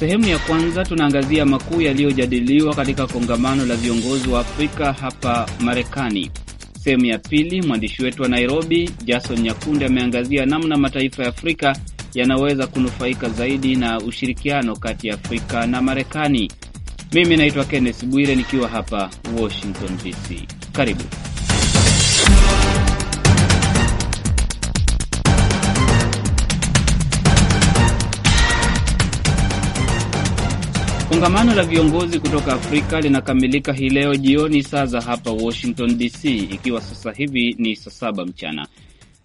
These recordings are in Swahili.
Sehemu ya kwanza tunaangazia makuu yaliyojadiliwa katika kongamano la viongozi wa Afrika hapa Marekani. Sehemu ya pili, mwandishi wetu wa Nairobi, Jason nyakunde ameangazia namna mataifa ya Afrika yanaweza kunufaika zaidi na ushirikiano kati ya Afrika na Marekani. Mimi naitwa Kenneth Bwire nikiwa hapa Washington DC. Karibu. Kongamano la viongozi kutoka Afrika linakamilika hii leo jioni saa za hapa Washington DC, ikiwa sasa hivi ni saa saba mchana.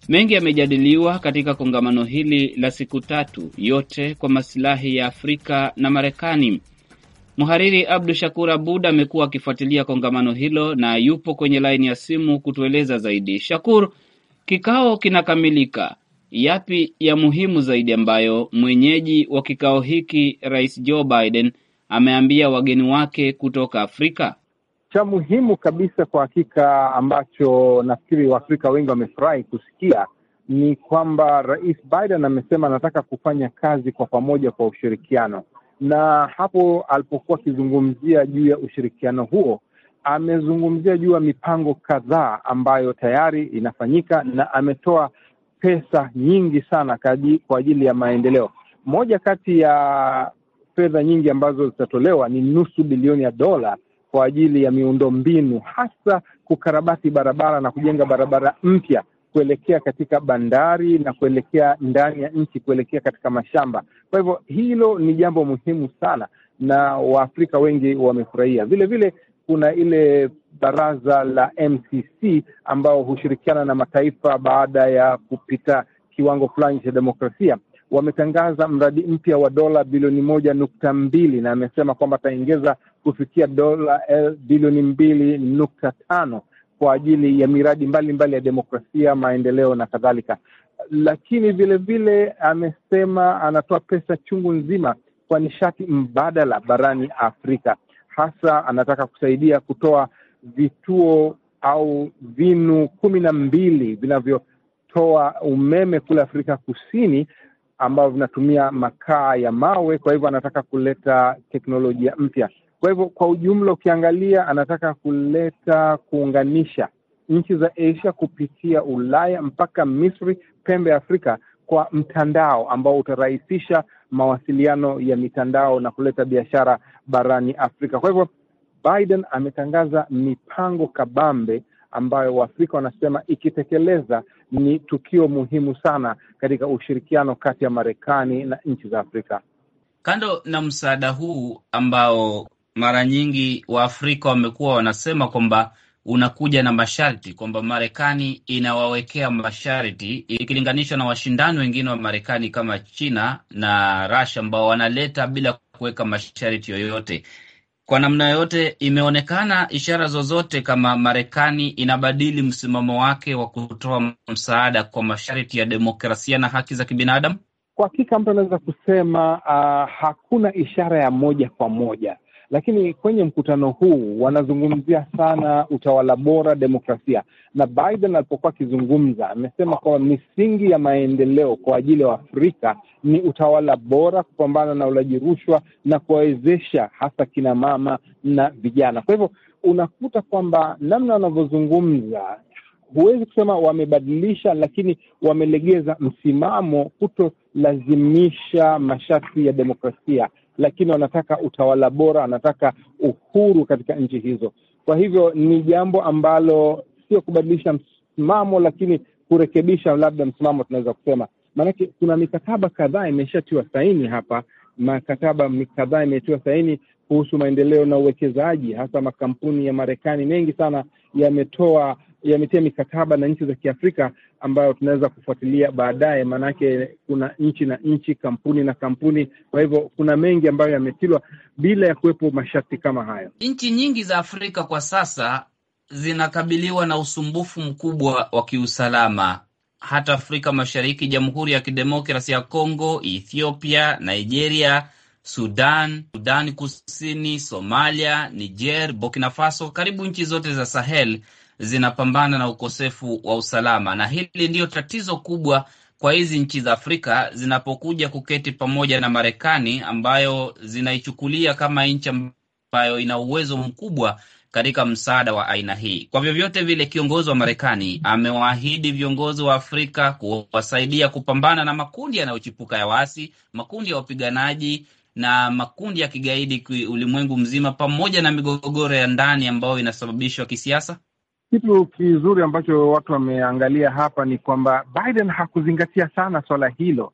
Mengi yamejadiliwa katika kongamano hili la siku tatu, yote kwa masilahi ya Afrika na Marekani. Mhariri Abdu Shakur Abud amekuwa akifuatilia kongamano hilo na yupo kwenye laini ya simu kutueleza zaidi. Shakur, kikao kinakamilika, yapi ya muhimu zaidi ambayo mwenyeji wa kikao hiki Rais Joe Biden ameambia wageni wake kutoka Afrika. Cha muhimu kabisa kwa hakika, ambacho nafikiri Waafrika wengi wamefurahi kusikia ni kwamba Rais Biden amesema anataka kufanya kazi kwa pamoja kwa ushirikiano, na hapo alipokuwa akizungumzia juu ya ushirikiano huo amezungumzia juu ya mipango kadhaa ambayo tayari inafanyika na ametoa pesa nyingi sana kaji, kwa ajili ya maendeleo. Moja kati ya fedha nyingi ambazo zitatolewa ni nusu bilioni ya dola kwa ajili ya miundo mbinu hasa kukarabati barabara na kujenga barabara mpya kuelekea katika bandari na kuelekea ndani ya nchi, kuelekea katika mashamba. Kwa hivyo hilo ni jambo muhimu sana, na Waafrika wengi wamefurahia. Vile vile kuna ile baraza la MCC ambao hushirikiana na mataifa baada ya kupita kiwango fulani cha demokrasia wametangaza mradi mpya wa dola bilioni moja nukta mbili na amesema kwamba ataingeza kufikia dola eh, bilioni mbili nukta tano kwa ajili ya miradi mbalimbali mbali ya demokrasia, maendeleo na kadhalika. Lakini vilevile amesema anatoa pesa chungu nzima kwa nishati mbadala barani Afrika. Hasa anataka kusaidia kutoa vituo au vinu kumi na mbili vinavyotoa umeme kule Afrika Kusini ambavyo vinatumia makaa ya mawe. Kwa hivyo anataka kuleta teknolojia mpya. Kwa hivyo kwa ujumla, ukiangalia, anataka kuleta kuunganisha nchi za Asia kupitia Ulaya mpaka Misri, pembe ya Afrika kwa mtandao ambao utarahisisha mawasiliano ya mitandao na kuleta biashara barani Afrika. Kwa hivyo Biden ametangaza mipango kabambe ambayo Waafrika wanasema ikitekeleza ni tukio muhimu sana katika ushirikiano kati ya Marekani na nchi za Afrika. Kando na msaada huu ambao mara nyingi Waafrika wamekuwa wanasema kwamba unakuja na masharti kwamba Marekani inawawekea masharti ikilinganishwa na washindani wengine wa Marekani kama China na Russia ambao wanaleta bila kuweka masharti yoyote kwa namna yoyote imeonekana ishara zozote kama Marekani inabadili msimamo wake wa kutoa msaada kwa masharti ya demokrasia na haki za kibinadamu? Kwa hakika mtu anaweza kusema uh, hakuna ishara ya moja kwa moja, lakini kwenye mkutano huu wanazungumzia sana utawala bora, demokrasia, na Biden alipokuwa akizungumza amesema kwamba misingi ya maendeleo kwa ajili ya afrika ni utawala bora, kupambana na ulaji rushwa na kuwawezesha hasa kina mama na vijana. Kwa hivyo unakuta kwamba namna wanavyozungumza huwezi kusema wamebadilisha, lakini wamelegeza msimamo, kutolazimisha masharti ya demokrasia, lakini wanataka utawala bora, wanataka uhuru katika nchi hizo. Kwa hivyo ni jambo ambalo sio kubadilisha msimamo, lakini kurekebisha labda msimamo tunaweza kusema, maanake kuna mikataba kadhaa imeshatiwa saini hapa, makataba kadhaa imetiwa saini kuhusu maendeleo na uwekezaji, hasa makampuni ya Marekani mengi sana yametoa yametia mikataba na nchi za Kiafrika ambayo tunaweza kufuatilia baadaye, maanake kuna nchi na nchi, kampuni na kampuni. Kwa hivyo kuna mengi ambayo yametilwa bila ya kuwepo masharti kama hayo. Nchi nyingi za Afrika kwa sasa zinakabiliwa na usumbufu mkubwa wa kiusalama hata Afrika Mashariki, Jamhuri ya Kidemokrasi ya Kongo, Ethiopia, Nigeria, Sudan, Sudan Kusini, Somalia, Niger, Burkina Faso, karibu nchi zote za Sahel zinapambana na ukosefu wa usalama, na hili ndiyo tatizo kubwa kwa hizi nchi za Afrika zinapokuja kuketi pamoja na Marekani ambayo zinaichukulia kama nchi ambayo ina uwezo mkubwa katika msaada wa aina hii. Kwa vyovyote vile, kiongozi wa Marekani amewaahidi viongozi wa Afrika kuwasaidia kupambana na makundi yanayochipuka ya waasi, makundi ya wapiganaji na makundi ya kigaidi ulimwengu mzima, pamoja na migogoro ya ndani ambayo inasababishwa kisiasa. Kitu kizuri ambacho watu wameangalia hapa ni kwamba Biden hakuzingatia sana swala hilo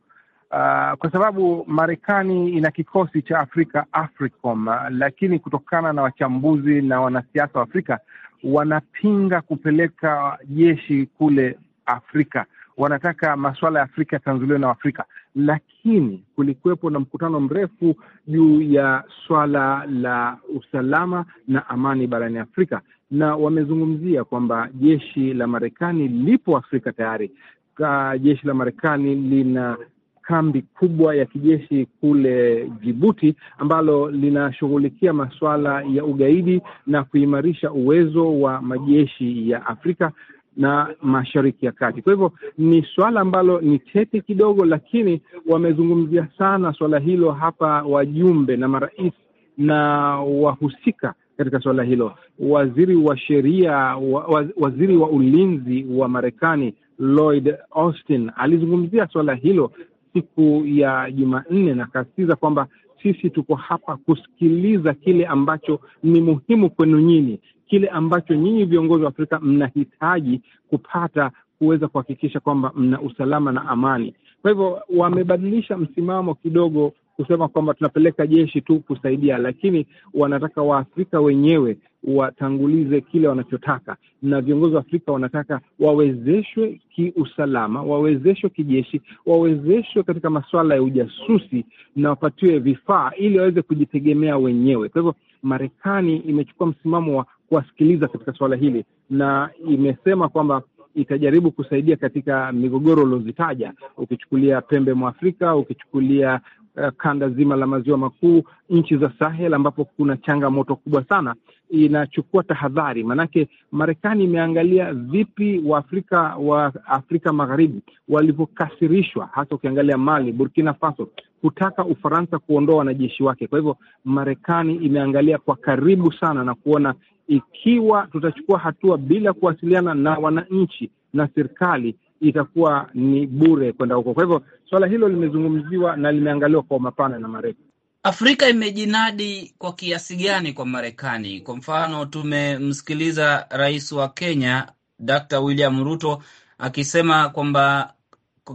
Uh, kwa sababu Marekani ina kikosi cha Afrika AFRICOM, ah, lakini kutokana na wachambuzi na wanasiasa wa Afrika wanapinga kupeleka jeshi kule Afrika, wanataka masuala ya Afrika yatanzuliwe na Afrika, lakini kulikuwepo na mkutano mrefu juu ya swala la usalama na amani barani Afrika, na wamezungumzia kwamba jeshi la Marekani lipo Afrika tayari. Uh, jeshi la Marekani lina kambi kubwa ya kijeshi kule Jibuti ambalo linashughulikia masuala ya ugaidi na kuimarisha uwezo wa majeshi ya Afrika na Mashariki ya Kati. Kwa hivyo ni suala ambalo ni tete kidogo, lakini wamezungumzia sana suala hilo hapa wajumbe na marais na wahusika katika suala hilo. Waziri wa sheria wa, waziri wa ulinzi wa Marekani Lloyd Austin alizungumzia suala hilo siku ya Jumanne na akasisitiza kwamba sisi tuko hapa kusikiliza kile ambacho ni muhimu kwenu nyinyi, kile ambacho nyinyi viongozi wa Afrika mnahitaji kupata kuweza kuhakikisha kwamba mna usalama na amani. Kwa hivyo wamebadilisha msimamo kidogo kusema kwamba tunapeleka jeshi tu kusaidia, lakini wanataka Waafrika wenyewe watangulize kile wanachotaka, na viongozi wa Afrika wanataka wawezeshwe kiusalama, wawezeshwe kijeshi, wawezeshwe katika masuala ya ujasusi na wapatiwe vifaa ili waweze kujitegemea wenyewe. Kwa hivyo, Marekani imechukua msimamo wa kuwasikiliza katika suala hili na imesema kwamba itajaribu kusaidia katika migogoro uliozitaja, ukichukulia pembe mwa Afrika, ukichukulia uh, kanda zima la maziwa makuu, nchi za Sahel ambapo kuna changamoto kubwa sana inachukua tahadhari, maanake Marekani imeangalia vipi Waafrika wa Afrika Magharibi walivyokasirishwa, hasa ukiangalia Mali, Burkina Faso kutaka Ufaransa kuondoa wanajeshi wake. Kwa hivyo Marekani imeangalia kwa karibu sana na kuona ikiwa tutachukua hatua bila kuwasiliana na wananchi na serikali itakuwa ni bure kwenda huko. Kwa hivyo suala hilo limezungumziwa na limeangaliwa kwa mapana na marefu. Afrika imejinadi kwa kiasi gani kwa Marekani? Kwa mfano, tumemsikiliza rais wa Kenya Dr. William Ruto akisema kwamba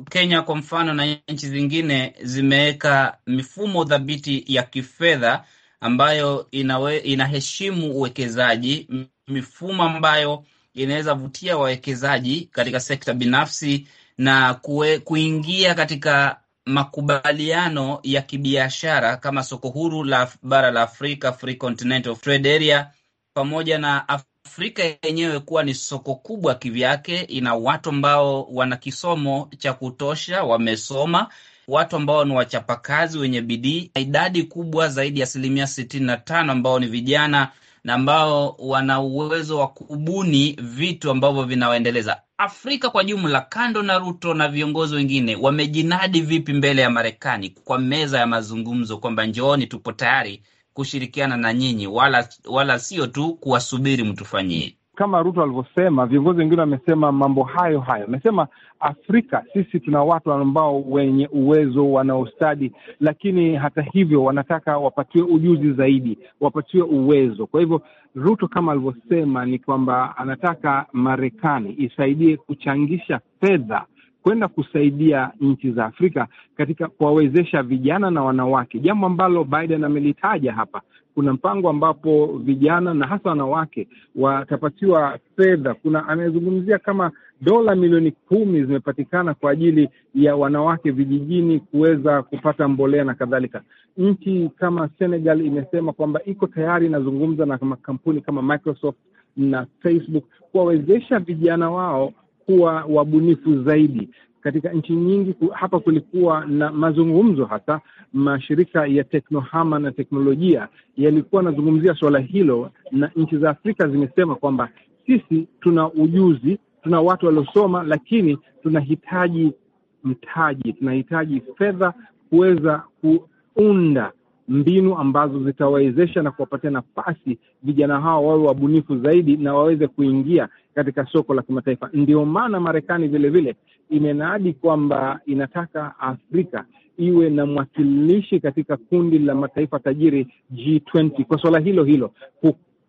Kenya kwa mfano na nchi zingine zimeweka mifumo thabiti ya kifedha ambayo inawe, inaheshimu uwekezaji, mifumo ambayo inaweza vutia wawekezaji katika sekta binafsi na kue, kuingia katika makubaliano ya kibiashara kama soko huru la bara la Afrika, Free Continental Trade Area, pamoja na Afrika yenyewe kuwa ni soko kubwa kivyake. Ina watu ambao wana kisomo cha kutosha, wamesoma, watu ambao ni wachapakazi wenye bidii, idadi kubwa zaidi ya asilimia sitini na tano ambao ni vijana na ambao wana uwezo wa kubuni vitu ambavyo vinawaendeleza Afrika kwa jumla. Kando na Ruto na viongozi wengine, wamejinadi vipi mbele ya Marekani kwa meza ya mazungumzo kwamba njooni, tupo tayari kushirikiana na nyinyi, wala wala sio tu kuwasubiri mtufanyie kama Ruto alivyosema, viongozi wengine wamesema mambo hayo hayo. Amesema Afrika sisi tuna watu ambao wenye uwezo, wanaostadi, lakini hata hivyo wanataka wapatiwe ujuzi zaidi, wapatiwe uwezo. Kwa hivyo Ruto kama alivyosema ni kwamba anataka Marekani isaidie kuchangisha fedha kwenda kusaidia nchi za Afrika katika kuwawezesha vijana na wanawake, jambo ambalo Biden amelitaja hapa kuna mpango ambapo vijana na hasa wanawake watapatiwa fedha. Kuna amezungumzia kama dola milioni kumi zimepatikana kwa ajili ya wanawake vijijini kuweza kupata mbolea na kadhalika. Nchi kama Senegal imesema kwamba iko tayari inazungumza na makampuni kama Microsoft na Facebook kuwawezesha vijana wao kuwa wabunifu zaidi. Katika nchi nyingi hapa kulikuwa na mazungumzo, hasa mashirika ya teknohama na teknolojia yalikuwa anazungumzia suala hilo, na nchi za Afrika zimesema kwamba sisi tuna ujuzi, tuna watu waliosoma, lakini tunahitaji mtaji, tunahitaji fedha kuweza kuunda mbinu ambazo zitawawezesha na kuwapatia nafasi vijana hao wawe wabunifu zaidi na waweze kuingia katika soko la kimataifa. Ndio maana Marekani vilevile imenadi kwamba inataka Afrika iwe na mwakilishi katika kundi la mataifa tajiri G20 kwa suala hilo hilo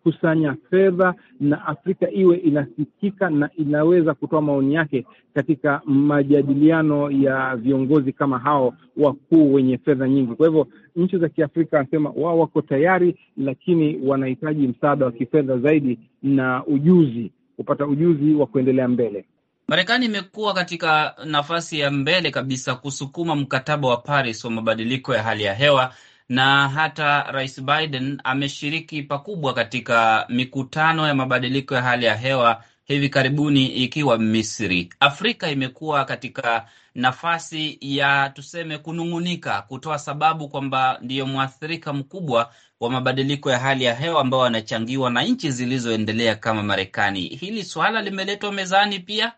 kusanya fedha na Afrika iwe inasikika na inaweza kutoa maoni yake katika majadiliano ya viongozi kama hao wakuu wenye fedha nyingi. Kwa hivyo nchi za Kiafrika wanasema wao wako tayari, lakini wanahitaji msaada wa kifedha zaidi na ujuzi, kupata ujuzi wa kuendelea mbele. Marekani imekuwa katika nafasi ya mbele kabisa kusukuma mkataba wa Paris wa mabadiliko ya hali ya hewa na hata Rais Biden ameshiriki pakubwa katika mikutano ya mabadiliko ya hali ya hewa hivi karibuni ikiwa Misri. Afrika imekuwa katika nafasi ya tuseme kunung'unika, kutoa sababu kwamba ndiyo mwathirika mkubwa wa mabadiliko ya hali ya hewa ambao wanachangiwa na nchi zilizoendelea kama Marekani. Hili swala limeletwa mezani pia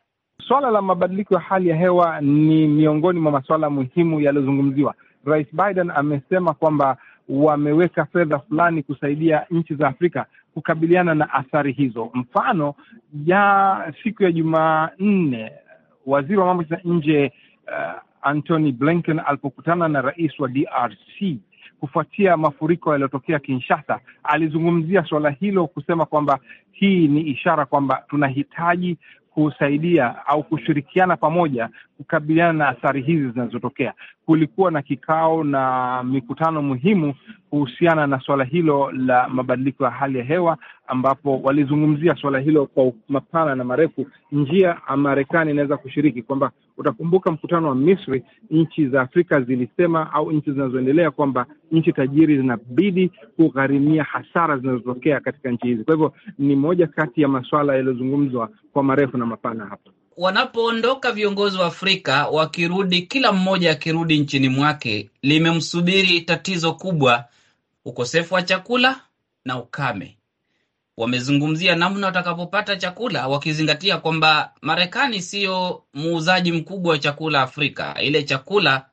Swala la mabadiliko ya hali ya hewa ni miongoni mwa masuala muhimu yaliyozungumziwa. Rais Biden amesema kwamba wameweka fedha fulani kusaidia nchi za Afrika kukabiliana na athari hizo. Mfano, ya siku ya Jumanne, waziri wa mambo za nje uh, Antony Blinken alipokutana na rais wa DRC kufuatia mafuriko yaliyotokea Kinshasa, alizungumzia suala hilo kusema kwamba hii ni ishara kwamba tunahitaji kusaidia au kushirikiana pamoja kukabiliana na athari hizi zinazotokea. Kulikuwa na kikao na mikutano muhimu kuhusiana na suala hilo la mabadiliko ya hali ya hewa, ambapo walizungumzia suala hilo kwa mapana na marefu, njia Marekani inaweza kushiriki, kwamba Utakumbuka mkutano wa Misri, nchi za Afrika zilisema au nchi zinazoendelea kwamba nchi tajiri zinabidi kugharimia hasara zinazotokea katika nchi hizi. Kwa hivyo ni moja kati ya masuala yaliyozungumzwa kwa marefu na mapana hapa. Wanapoondoka viongozi wa Afrika wakirudi, kila mmoja akirudi nchini mwake, limemsubiri tatizo kubwa, ukosefu wa chakula na ukame wamezungumzia namna watakapopata chakula, wakizingatia kwamba Marekani siyo muuzaji mkubwa wa chakula Afrika. Ile chakula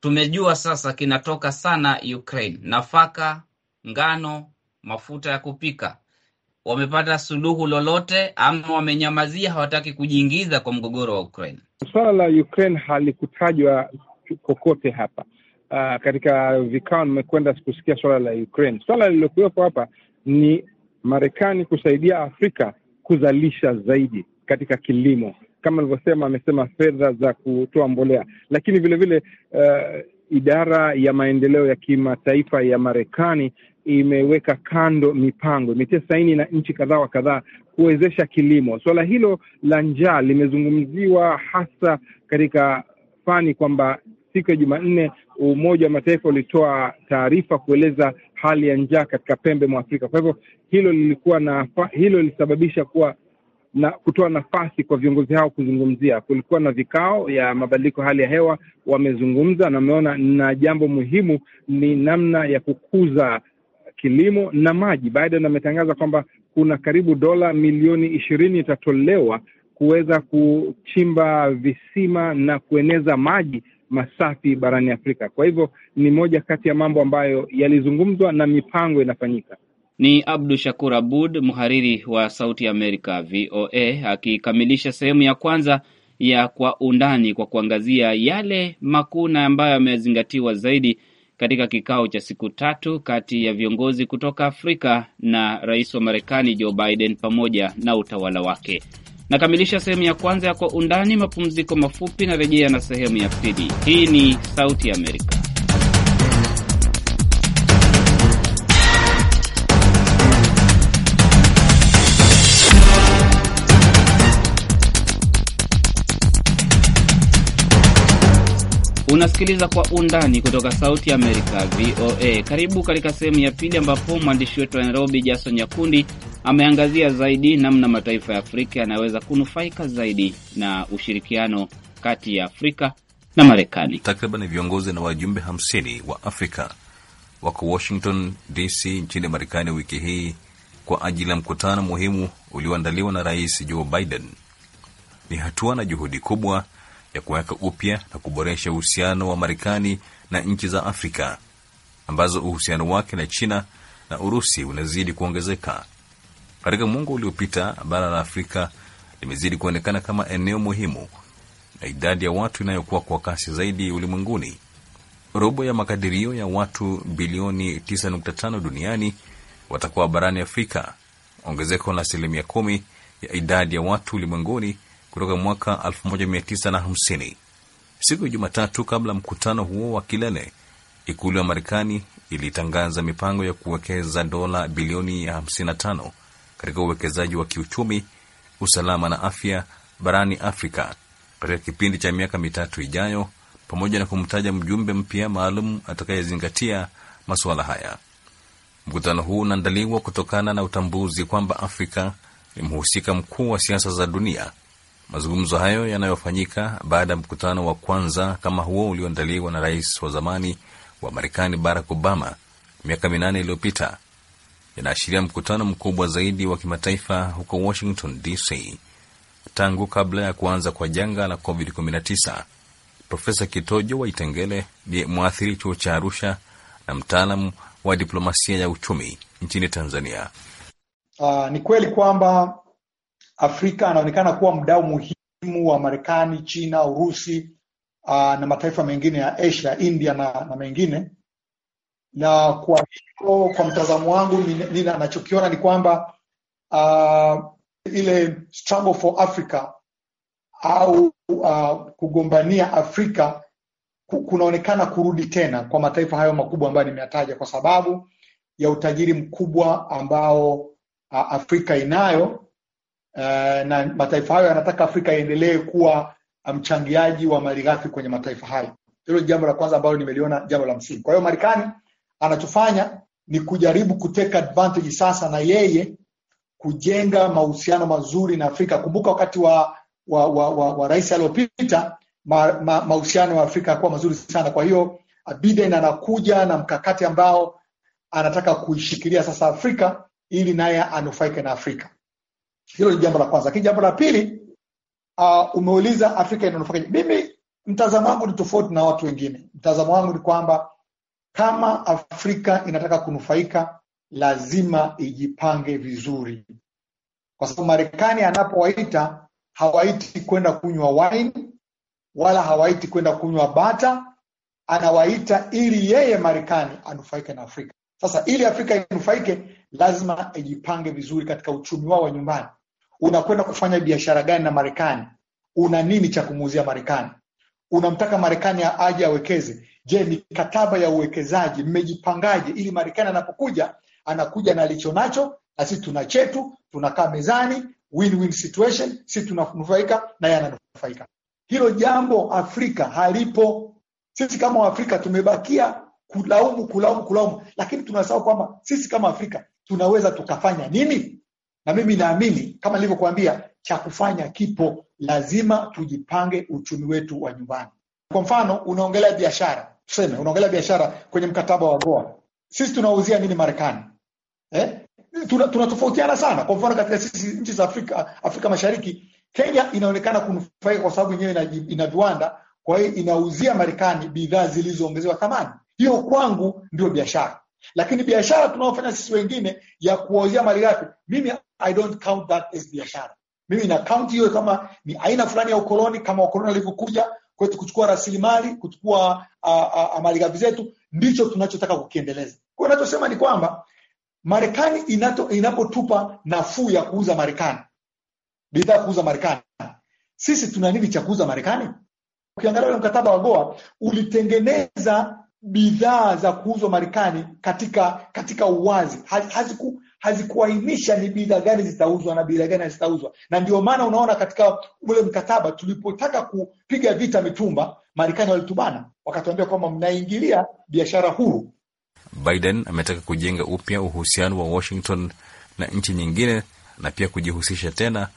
tumejua sasa kinatoka sana Ukraine, nafaka, ngano, mafuta ya kupika. Wamepata suluhu lolote ama wamenyamazia, hawataki kujiingiza kwa mgogoro wa Ukraine? Suala la Ukraine halikutajwa kokote hapa. Uh, katika vikao nimekwenda sikusikia swala la Ukraine. Swala lililokuwepo hapa ni Marekani kusaidia Afrika kuzalisha zaidi katika kilimo, kama alivyosema, amesema fedha za kutoa mbolea, lakini vilevile vile, uh, idara ya maendeleo ya kimataifa ya Marekani imeweka kando mipango, imetia saini na nchi kadhaa wa kadhaa kuwezesha kilimo. Suala hilo la njaa limezungumziwa hasa katika fani kwamba siku ya Jumanne Umoja wa Mataifa ulitoa taarifa kueleza hali ya njaa katika pembe mwa Afrika. Kwa hivyo hilo lilikuwa na hilo lilisababisha kuwa na kutoa nafasi kwa viongozi hao kuzungumzia. Kulikuwa na vikao ya mabadiliko hali ya hewa, wamezungumza na wameona, na jambo muhimu ni namna ya kukuza kilimo na maji. Biden ametangaza kwamba kuna karibu dola milioni ishirini itatolewa kuweza kuchimba visima na kueneza maji masafi barani Afrika. Kwa hivyo ni moja kati ya mambo ambayo yalizungumzwa na mipango inafanyika. Ni Abdu Shakur Abud, mhariri wa Sauti ya Amerika VOA, akikamilisha sehemu ya kwanza ya Kwa Undani kwa kuangazia yale makuu na ambayo yamezingatiwa zaidi katika kikao cha siku tatu kati ya viongozi kutoka Afrika na rais wa Marekani Joe Biden pamoja na utawala wake. Nakamilisha sehemu ya kwanza ya Kwa Undani. Mapumziko mafupi na rejea na sehemu ya pili. Hii ni Sauti ya Amerika. Unasikiliza Kwa Undani kutoka Sauti Amerika, VOA. Karibu katika sehemu ya pili, ambapo mwandishi wetu wa Nairobi, Jason Nyakundi, ameangazia zaidi namna mataifa ya Afrika yanaweza kunufaika zaidi na ushirikiano kati ya Afrika na Marekani. Takriban viongozi na wajumbe 50 wa Afrika wako Washington DC nchini Marekani wiki hii kwa ajili ya mkutano muhimu ulioandaliwa na Rais Joe Biden. Ni hatua na juhudi kubwa ya kuweka upya na kuboresha uhusiano wa Marekani na nchi za Afrika ambazo uhusiano wake na China na Urusi unazidi kuongezeka. Katika muongo uliopita, bara la Afrika limezidi kuonekana kama eneo muhimu na idadi ya watu inayokuwa kwa kasi zaidi ulimwenguni. Robo ya makadirio ya watu bilioni 9.5 duniani watakuwa barani Afrika, ongezeko la asilimia kumi ya idadi ya watu ulimwenguni kutoka mwaka 1950. Siku ya Jumatatu, kabla mkutano huo wa kilele, ikulu ya Marekani ilitangaza mipango ya kuwekeza dola bilioni ya 55 katika uwekezaji wa kiuchumi, usalama na afya barani Afrika katika kipindi cha miaka mitatu ijayo, pamoja na kumtaja mjumbe mpya maalum atakayezingatia masuala haya. Mkutano huu unaandaliwa kutokana na utambuzi kwamba Afrika ni mhusika mkuu wa siasa za dunia. Mazungumzo hayo yanayofanyika baada ya mkutano wa kwanza kama huo ulioandaliwa na rais wa zamani wa Marekani Barack Obama miaka minane iliyopita yanaashiria mkutano mkubwa zaidi wa kimataifa huko Washington DC tangu kabla ya kuanza kwa janga la COVID-19. Profesa Kitojo Waitengele ni mwathiri chuo cha Arusha na mtaalamu wa diplomasia ya uchumi nchini Tanzania. Uh, ni kweli kwamba Afrika anaonekana kuwa mdau muhimu wa Marekani, China, Urusi uh, na mataifa mengine ya Asia, India na, na mengine na kwa hiyo kwa mtazamo wangu anachokiona ni kwamba uh, ile struggle for Africa au uh, kugombania Afrika kunaonekana kurudi tena kwa mataifa hayo makubwa ambayo nimeyataja, kwa sababu ya utajiri mkubwa ambao uh, Afrika inayo uh, na mataifa hayo yanataka Afrika iendelee kuwa mchangiaji wa malighafi kwenye mataifa hayo. Hilo jambo la kwanza ambalo nimeliona jambo la msingi. Kwa hiyo Marekani anachofanya ni kujaribu kuteka advantage sasa na yeye kujenga mahusiano mazuri na Afrika. Kumbuka wakati wa wa, wa, wa, wa rais aliyopita mahusiano ma, ya Afrika yakuwa mazuri sana. Kwa hiyo Biden anakuja na mkakati ambao anataka kuishikilia sasa Afrika ili naye anufaike na Afrika. Hilo ni jambo la kwanza, lakini jambo la pili uh, umeuliza Afrika inanufaika. Mimi mtazamo wangu ni tofauti na watu wengine. Mtazamo wangu ni kwamba kama Afrika inataka kunufaika, lazima ijipange vizuri, kwa sababu Marekani anapowaita hawaiti kwenda kunywa wine wala hawaiti kwenda kunywa bata, anawaita ili yeye Marekani anufaike na Afrika. Sasa ili Afrika inufaike, lazima ijipange vizuri katika uchumi wao wa nyumbani. Unakwenda kufanya biashara gani na Marekani? Una nini cha kumuuzia Marekani? unamtaka Marekani aje awekeze. Je, mikataba ya uwekezaji mmejipangaje, ili Marekani anapokuja anakuja na alicho nacho na sisi tuna chetu, tunakaa mezani, win-win situation, sisi tunanufaika na yeye ananufaika. Hilo jambo Afrika halipo. Sisi kama Waafrika tumebakia kulaumu, kulaumu, kulaumu, lakini tunasahau kwamba sisi kama Afrika tunaweza tukafanya nini, na mimi naamini kama nilivyokuambia, cha kufanya kipo lazima tujipange uchumi wetu wa nyumbani. Kwa mfano, unaongelea biashara, tuseme unaongelea biashara kwenye mkataba wa Goa, sisi tunauzia nini Marekani eh? Tunatofautiana tuna sana. Kwa mfano, katika sisi nchi za Afrika, Afrika Mashariki, Kenya inaonekana kunufaika kwa sababu yenyewe ina viwanda, kwa hiyo inauzia Marekani bidhaa zilizoongezewa thamani. Hiyo kwangu ndio biashara, lakini biashara tunaofanya sisi wengine ya kuwauzia malighafi, mimi I don't count that as biashara mimi na kaunti hiyo kama ni aina fulani ya ukoloni, kama wakoloni walivyokuja kwetu kuchukua rasilimali, kuchukua malighafi zetu, ndicho tunachotaka kukiendeleza. Kwa hiyo nachosema ni kwamba Marekani inapotupa nafuu ya kuuza Marekani bidhaa kuuza Marekani, sisi tuna nini cha kuuza Marekani? Ukiangalia ule mkataba wa Goa ulitengeneza bidhaa za kuuzwa Marekani katika katika uwazi, hazikuwa hazikuainisha ni bidhaa gani zitauzwa na bidhaa gani hazitauzwa, na ndio maana unaona katika ule mkataba tulipotaka kupiga vita mitumba, Marekani walitubana, wakatuambia kwamba mnaingilia biashara huru. Biden ametaka kujenga upya uhusiano wa Washington na nchi nyingine na pia kujihusisha tena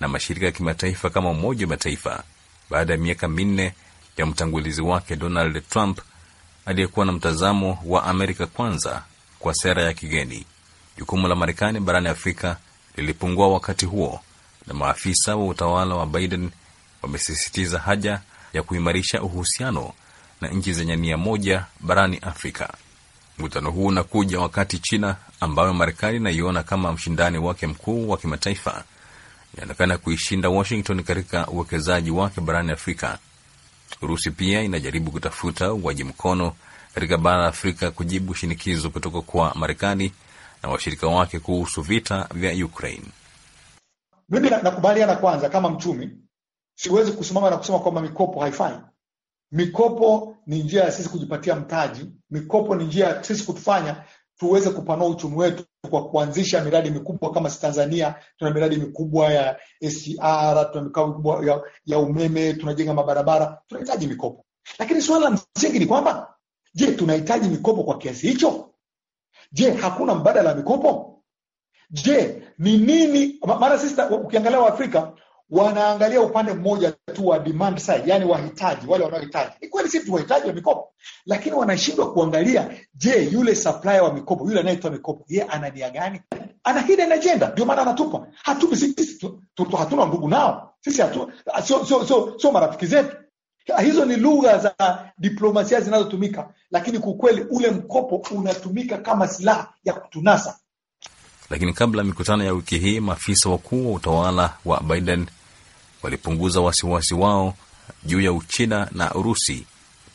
na mashirika ya kimataifa kama Umoja wa Mataifa baada ya miaka minne ya mtangulizi wake Donald Trump aliyekuwa na mtazamo wa Amerika kwanza kwa sera ya kigeni. Jukumu la Marekani barani Afrika lilipungua wakati huo, na maafisa wa utawala wa Biden wamesisitiza haja ya kuimarisha uhusiano na nchi zenye nia moja barani Afrika. Mkutano huu unakuja wakati China, ambayo Marekani inaiona kama mshindani wake mkuu wa kimataifa, inaonekana kuishinda Washington katika uwekezaji wake barani Afrika. Urusi pia inajaribu kutafuta uwaji mkono katika bara la Afrika kujibu shinikizo kutoka kwa Marekani na washirika wake kuhusu vita vya Ukraine. Mimi nakubaliana kwanza, kama mchumi siwezi kusimama na kusema kwamba mikopo haifai. Mikopo ni njia ya sisi kujipatia mtaji, mikopo ni njia ya sisi kutufanya tuweze kupanua uchumi wetu kwa kuanzisha miradi mikubwa. Kama si Tanzania, tuna miradi mikubwa ya SCR, tuna mikao mikubwa ya, ya umeme, tunajenga mabarabara, tunahitaji mikopo. Lakini suala la msingi ni kwamba je, tunahitaji mikopo kwa kiasi hicho? Je, hakuna mbadala wa mikopo? Je, ni nini? Maana sisi ukiangalia Waafrika wanaangalia upande mmoja tu wa demand side, yani wahitaji wale wanaohitaji. Ni kweli sisi tunahitaji wa mikopo, lakini wanashindwa kuangalia, je, yule supplier wa mikopo, yule anayetoa mikopo, ye ana nia gani? Ana hidden agenda, ndio maana anatupa. Hatupi sisi, hatuna ndugu nao sisi, hatu sio marafiki zetu. Hizo ni lugha za diplomasia zinazotumika, lakini kukweli ule mkopo unatumika kama silaha ya kutunasa. Lakini kabla mikutano ya wiki hii, maafisa wakuu wa utawala wa Biden walipunguza wasiwasi wao juu ya Uchina na Urusi.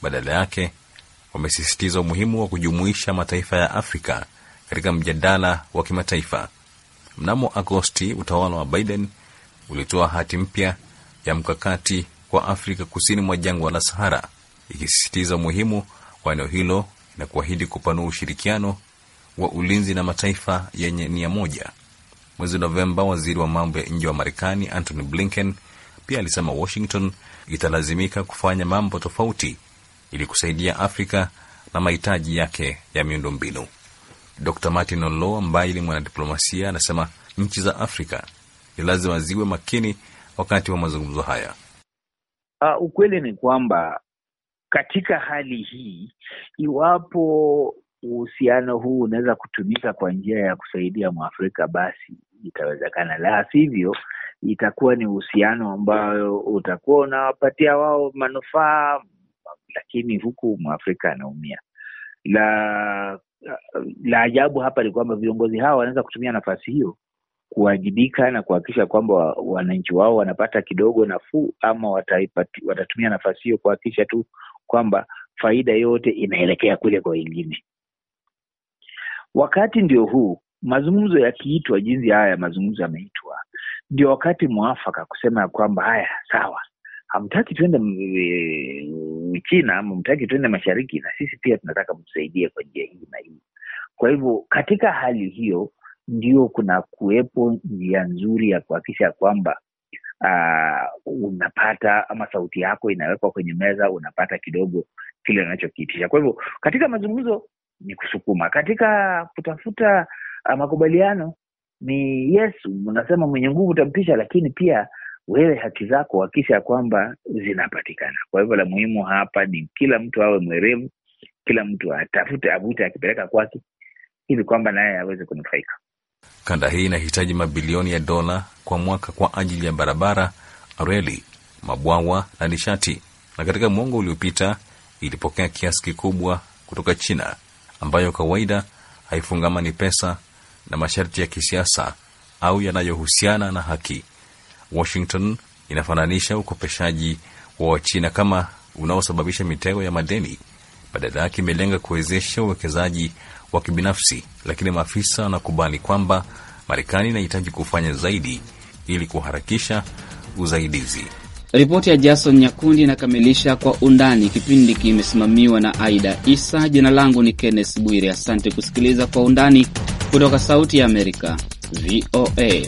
Badala yake wamesisitiza umuhimu wa kujumuisha mataifa ya Afrika katika mjadala wa kimataifa. Mnamo Agosti, utawala wa Biden ulitoa hati mpya ya mkakati kwa Afrika kusini mwa jangwa la Sahara, ikisisitiza umuhimu wa eneo hilo na kuahidi kupanua ushirikiano wa ulinzi na mataifa yenye nia moja. Mwezi Novemba, waziri wa mambo ya nje wa Marekani Antony Blinken pia alisema Washington italazimika kufanya mambo tofauti ili kusaidia Afrika na mahitaji yake ya miundo mbinu. Dr Martin Olo, ambaye ni mwanadiplomasia, anasema nchi za Afrika ni lazima ziwe makini wakati wa mazungumzo haya. Uh, ukweli ni kwamba katika hali hii, iwapo uhusiano huu unaweza kutumika kwa njia ya kusaidia Mwafrika, basi itawezekana, la sivyo itakuwa ni uhusiano ambayo utakuwa unawapatia wao manufaa, lakini huku Mwafrika anaumia. La la ajabu hapa ni kwamba viongozi hawa wanaweza kutumia nafasi hiyo kuwajibika na kuhakikisha kwamba wananchi wao wanapata kidogo nafuu, ama wataipati, watatumia nafasi hiyo kuhakikisha tu kwamba faida yote inaelekea kule kwa wengine. Wakati ndio huu, mazungumzo yakiitwa jinsi haya mazungumzo yameitwa, ndio wakati mwafaka kusema ya kwamba haya, sawa, hamtaki tuende e, China ama mtaki tuende mashariki, na sisi pia tunataka mtusaidie kwa njia hii na hii. Kwa hivyo katika hali hiyo ndio kuna kuwepo njia nzuri ya kuhakikisha kwamba uh, unapata ama sauti yako inawekwa kwenye meza, unapata kidogo kile unachokiitisha. Kwa hivyo katika mazungumzo ni kusukuma, katika kutafuta uh, makubaliano ni Yesu unasema mwenye nguvu utampisha, lakini pia wewe haki zako hakisha kwamba zinapatikana. Kwa hivyo la muhimu hapa ni kila mtu awe mwerevu, kila mtu atafute, avute akipeleka kwake, hivi kwamba naye aweze kunufaika. Kanda hii inahitaji mabilioni ya dola kwa mwaka kwa ajili ya barabara, reli, mabwawa na nishati, na katika mwongo uliopita ilipokea kiasi kikubwa kutoka China ambayo kawaida haifungamani pesa na masharti ya kisiasa au yanayohusiana na haki. Washington inafananisha ukopeshaji wa Wachina kama unaosababisha mitego ya madeni. Badala yake imelenga kuwezesha uwekezaji wa kibinafsi, lakini maafisa wanakubali kwamba Marekani inahitaji kufanya zaidi ili kuharakisha uzaidizi. Ripoti ya Jason Nyakundi inakamilisha Kwa Undani. Kipindi kimesimamiwa na Aida Isa. Jina langu ni Kenneth Bwire. Asante kusikiliza Kwa Undani kutoka Sauti ya Amerika, VOA.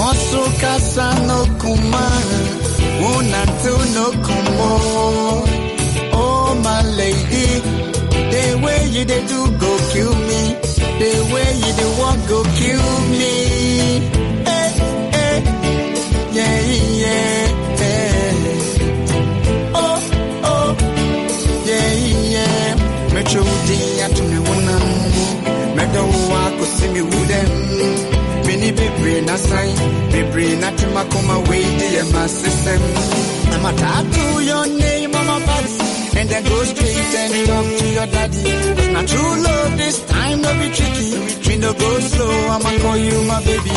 Posso casarnos con más, una tuno como. Oh my lady, the way you they do go kill me. nasan bebree natwema kɔma wei my yɛ ma going to tattoo your name on my body and then go straight and talk to your daddy It's my true love this time no be tricky we no go slow i'ma call you my baby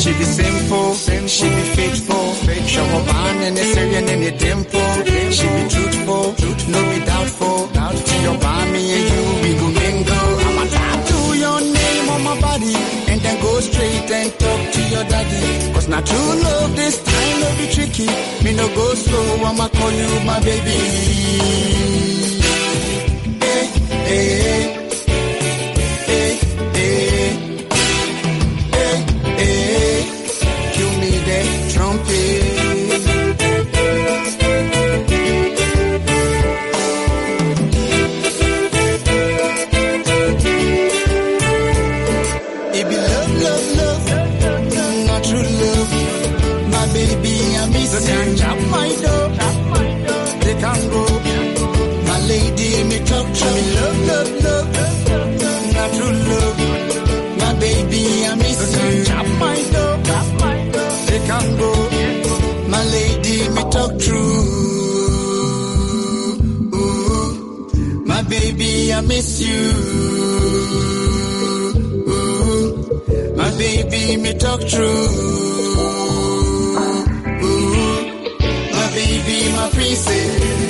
she be simple she be faithful show her bond and the serious and the dimple she be truthful no be doubtful to your mommy and you we go mingle i'ma tattoo your name on my body and then go straight and talk your daddy. Cause not true love this time will be tricky. Me no go slow, I'ma call you my baby.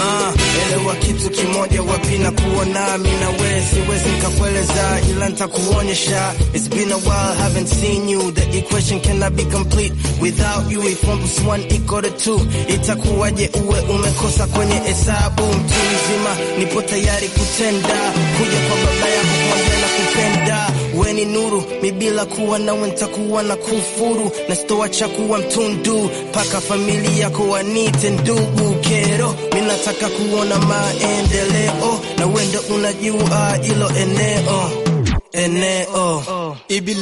Ah, elewa kitu kimoja wapi na kuona mimi na wewe siwezi nikakueleza ila nitakuonyesha It's been a while haven't seen you the equation cannot be complete without you if one plus one equal to two itakuwaje uwe umekosa kwenye hesabu mtu mzima nipo tayari kutenda kuja kwa baba yako kupenda we ni nuru mibila kuwa nawe ntakuwa na kufuru na sitoacha kuwa mtundu mpaka familia yako wanite ndugu kero. nataka kuona maendeleo na wendo unajua ilo eneo eneo Ibi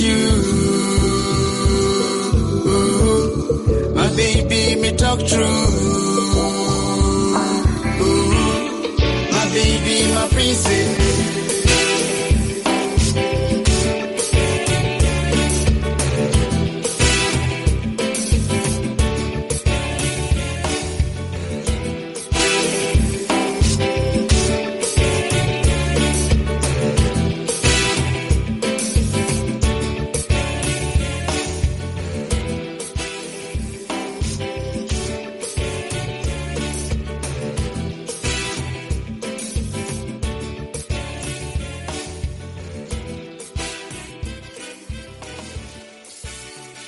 you. My baby, me talk true.